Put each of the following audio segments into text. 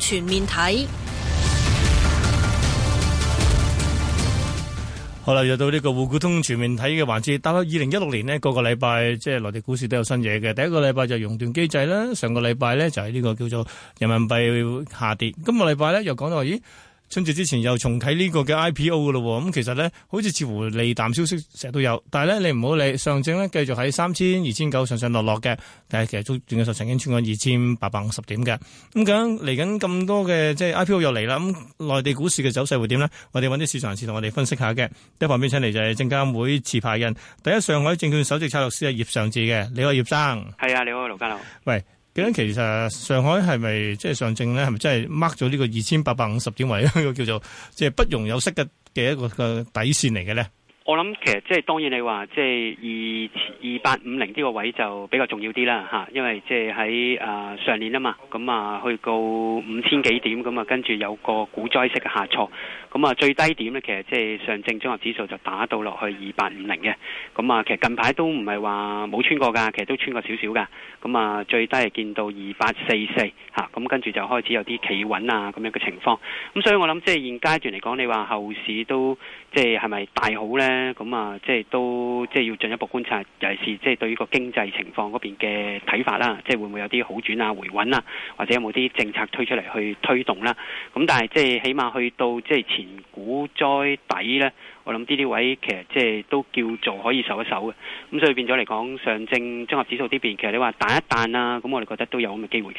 全面睇，好啦，又到呢個滬港通全面睇嘅環節。大概二零一六年呢個個禮拜即係內地股市都有新嘢嘅。第一個禮拜就熔斷機制啦，上個禮拜呢就係呢個叫做人民幣下跌，今個禮拜呢又講到話咦。春節之前又重啟呢個嘅 IPO 嘅咯，咁、嗯、其實咧好似似乎利淡消息成日都有，但係咧你唔好理，上證咧繼續喺三千二千九上上落落嘅，但係其實都斷嘅時候曾經穿過二千八百五十點嘅。咁講嚟緊咁多嘅即係 IPO 又嚟啦，咁、嗯、內地股市嘅走勢會點咧？我哋揾啲市場人士同我哋分析下嘅。一旁邊請嚟就係證監會持牌人，第一上海證券首席策略師係葉尚志嘅，你好葉生。係啊，你好盧嘉樂。喂。咁其實上海係咪即係上證咧？係咪真係掹咗呢個二千八百五十點位一個叫做即係不容有失嘅嘅一個嘅底線嚟嘅咧？我諗其實即係當然你話即係二二八五零呢個位就比較重要啲啦吓，因為即係喺啊上年啊嘛，咁啊去到五千幾點咁啊，嗯、跟住有個股災式嘅下挫，咁、嗯、啊最低點咧其實即係上證綜合指數就打到落去二八五零嘅，咁、嗯、啊其實近排都唔係話冇穿過噶，其實都穿過少少噶，咁、嗯、啊最低係見到二八四四吓，咁、嗯、跟住就開始有啲企穩啊咁樣嘅情況，咁、嗯、所以我諗即係現階段嚟講，你話後市都即係係咪大好咧？咁啊、嗯，即係都即係要進一步觀察，尤其是即係對於個經濟情況嗰邊嘅睇法啦，即係會唔會有啲好轉啊、回穩啊，或者有冇啲政策推出嚟去推動啦、啊？咁、嗯、但係即係起碼去到即係前股災底咧。我諗呢啲位其實即係都叫做可以守一守嘅，咁、嗯、所以變咗嚟講，上證綜合指數呢邊，其實你話彈一彈啦、啊，咁我哋覺得都有咁嘅機會嘅。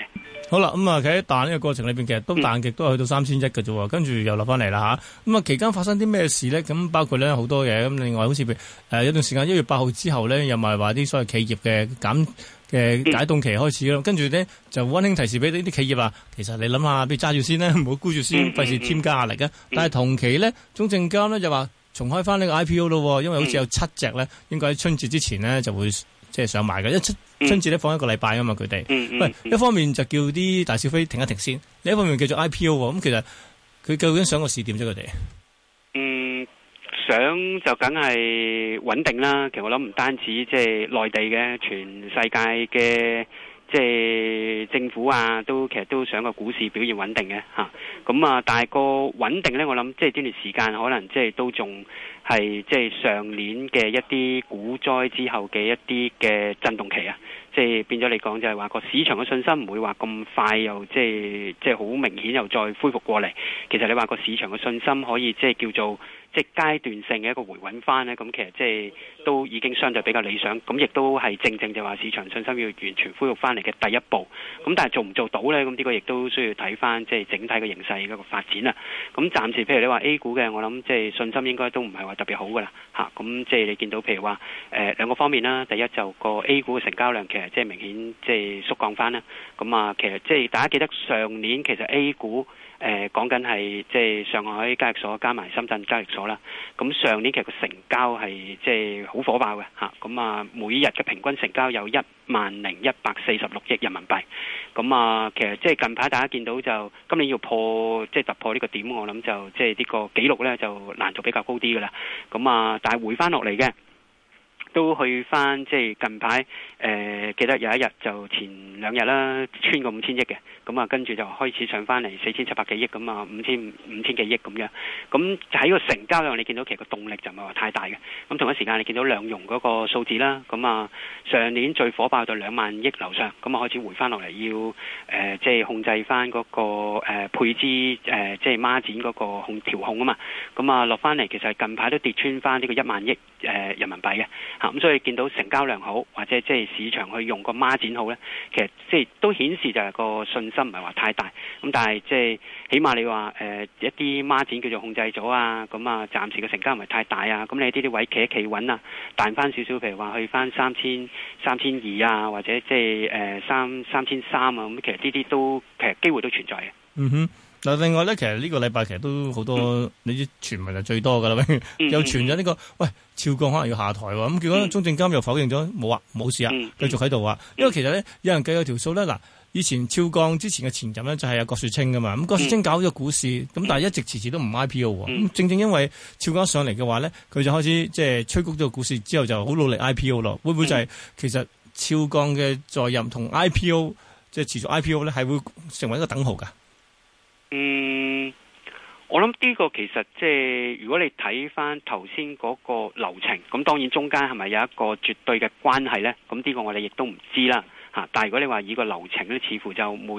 好啦，咁啊喺彈呢個過程裏邊，其實都彈極都係去到三千一嘅啫，跟住又落翻嚟啦吓。咁啊、嗯、期間發生啲咩事呢？咁包括咧好多嘢，咁另外好似誒、呃、有段時間一月八號之後呢，又咪話啲所謂企業嘅減嘅解凍期開始咯，跟住呢，就溫馨提示俾呢啲企業話，其實你諗下，不如揸住先啦，唔好沽住先，費事添加壓力嘅。嗯嗯嗯嗯嗯、但係同期呢，總證監呢就話。重開翻呢個 IPO 咯，因為好似有七隻咧，應該喺春節之前咧就會即係上賣嘅。因為春春節咧放一個禮拜啊嘛，佢哋，喂，一方面就叫啲大小非停一停先，嗯、另一方面繼續 IPO 喎。咁、嗯、其實佢究竟想個試點啫，佢哋。嗯，想就梗係穩定啦。其實我諗唔單止即係、就是、內地嘅，全世界嘅。即係政府啊，都其實都想個股市表現穩定嘅吓。咁啊，但係個穩定呢，我諗即係呢段時間可能即係都仲。係即係上年嘅一啲股災之後嘅一啲嘅震動期啊，即係變咗嚟講就係話個市場嘅信心唔會話咁快又即係即係好明顯又再恢復過嚟。其實你話個市場嘅信心可以即係叫做即係階段性嘅一個回穩翻呢？咁其實即係都已經相對比較理想。咁亦都係正正就話市場信心要完全恢復翻嚟嘅第一步。咁但係做唔做到呢？咁呢個亦都需要睇翻即係整體嘅形勢一個發展啊。咁暫時譬如你話 A 股嘅，我諗即係信心應該都唔係話。特別好噶啦，吓咁即係你見到，譬如話誒，兩個方面啦，第一就個 A 股嘅成交量其實即係明顯即係縮降翻啦，咁啊其實即係大家記得上年其實 A 股。誒講緊係即係上海交易所加埋深圳交易所啦，咁上年其實個成交係即係好火爆嘅嚇，咁啊每日嘅平均成交有一萬零一百四十六億人民幣，咁啊其實即係近排大家見到就今年要破即係突破呢個點，我諗就即係呢個紀錄咧就難度比較高啲嘅啦，咁啊但係回翻落嚟嘅。都去翻即係近排，誒、呃、記得有一日就前兩日啦，穿過五千億嘅，咁、嗯、啊跟住就開始上翻嚟四千七百幾億咁啊，五千五千幾億咁樣。咁、嗯、喺個成交量你見到其實個動力就唔係話太大嘅。咁、嗯、同一時間你見到兩融嗰個數字啦，咁、嗯、啊上年最火爆到兩萬億樓上，咁、嗯、啊、嗯、開始回翻落嚟要誒、呃、即係控制翻嗰、那個、呃、配資誒、呃、即係孖展嗰個控調控啊嘛。咁啊落翻嚟其實近排都跌穿翻呢個一萬億。誒、呃、人民幣嘅嚇，咁、啊、所以見到成交量好，或者即係市場去用個孖展好咧，其實即係都顯示就係個信心唔係話太大。咁但係即係起碼你話誒、呃、一啲孖展叫做控制咗啊，咁啊暫時嘅成交唔係太大啊，咁你呢啲位企一企穩啊，彈翻少少，譬如話去翻三千三千二啊，或者即係誒三三千三啊，咁其實呢啲都其實機會都存在嘅。嗯哼。嗱，另外咧，其實呢個禮拜其實都好多，嗯、你啲傳聞就最多噶啦， 嗯、又傳咗呢、呢個，喂，肖鋼可能要下台咁、啊、結果中證監又否認咗，冇啊，冇事啊，嗯、繼續喺度啊。因為其實咧，有人計咗條數咧，嗱，以前肖鋼之前嘅前任咧就係阿郭樹清噶嘛，咁郭樹清搞咗個股市，咁但係一直遲遲都唔 IPO 喎、啊，嗯、正正因為肖鋼上嚟嘅話咧，佢就開始即係、就是、吹谷咗個股市之後就好努力 IPO 咯，會唔會就係、是嗯、其實肖鋼嘅在任同 IPO，即係持續 IPO 咧，係會成為一個等號噶？嗯，我諗呢個其實即係如果你睇翻頭先嗰個流程，咁當然中間係咪有一個絕對嘅關係咧？咁呢個我哋亦都唔知啦。吓、啊，但係如果你話以個流程咧，似乎就每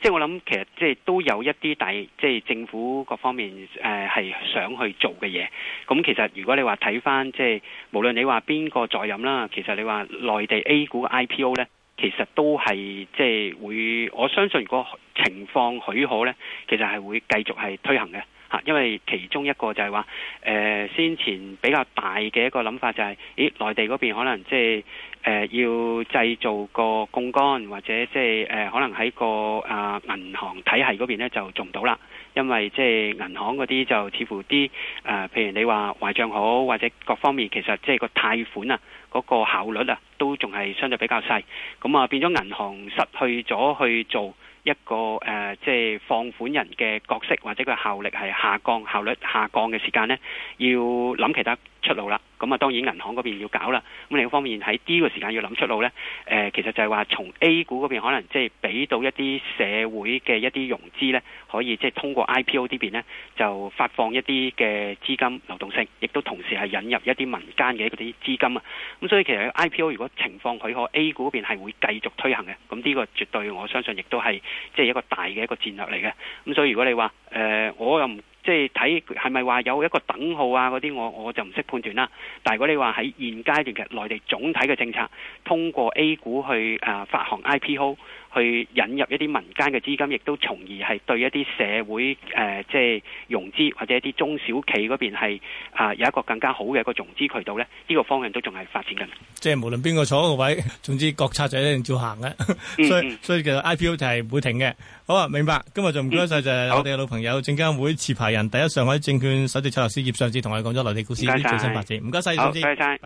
即係我諗其實即係都有一啲，但即係政府各方面誒係、呃、想去做嘅嘢。咁其實如果你話睇翻即係無論你話邊個在任啦，其實你話內地 A 股 IPO 咧。其實都係即係會，我相信如果情況許可呢，其實係會繼續係推行嘅吓，因為其中一個就係話，誒、呃、先前比較大嘅一個諗法就係、是，咦，內地嗰邊可能即係誒、呃、要製造個槓桿，或者即係誒、呃、可能喺個啊銀、呃、行體系嗰邊呢就做唔到啦。因為即係銀行嗰啲就似乎啲誒、呃，譬如你話壞賬好或者各方面，其實即係個貸款啊，嗰、那個效率啊，都仲係相對比較細。咁啊，變咗銀行失去咗去做一個誒，即、呃、係、就是、放款人嘅角色或者佢效力係下降，效率下降嘅時間呢，要諗其他。出路啦，咁啊當然銀行嗰邊要搞啦。咁另一方面喺呢個時間要諗出路呢。誒、呃、其實就係話從 A 股嗰邊可能即係俾到一啲社會嘅一啲融資呢，可以即係通過 IPO 呢邊呢，就發放一啲嘅資金流動性，亦都同時係引入一啲民間嘅一啲資金啊。咁所以其實 IPO 如果情況許可，A 股嗰邊係會繼續推行嘅。咁呢個絕對我相信亦都係即係一個大嘅一個戰略嚟嘅。咁所以如果你話誒、呃，我又唔～即係睇係咪話有一個等號啊，嗰啲，我我就唔識判斷啦。但係如果你話喺現階段嘅內地總體嘅政策通過 A 股去誒、呃、發行 IPO。去引入一啲民間嘅資金，亦都從而係對一啲社會誒、呃，即係融資或者一啲中小企嗰邊係啊有一個更加好嘅一個融資渠道咧。呢、這個方向都仲係發展緊。即係無論邊個坐一個位，總之國策就一定照行咧。嗯、 所以所以其實 IPO 就係唔會停嘅。好啊，明白。今日就唔該晒，就係我哋嘅好老朋友證監會持牌人、第一上海證券首席策略師葉尚志，同我哋講咗內地股市啲謝最新發展。唔該晒，總之好。謝謝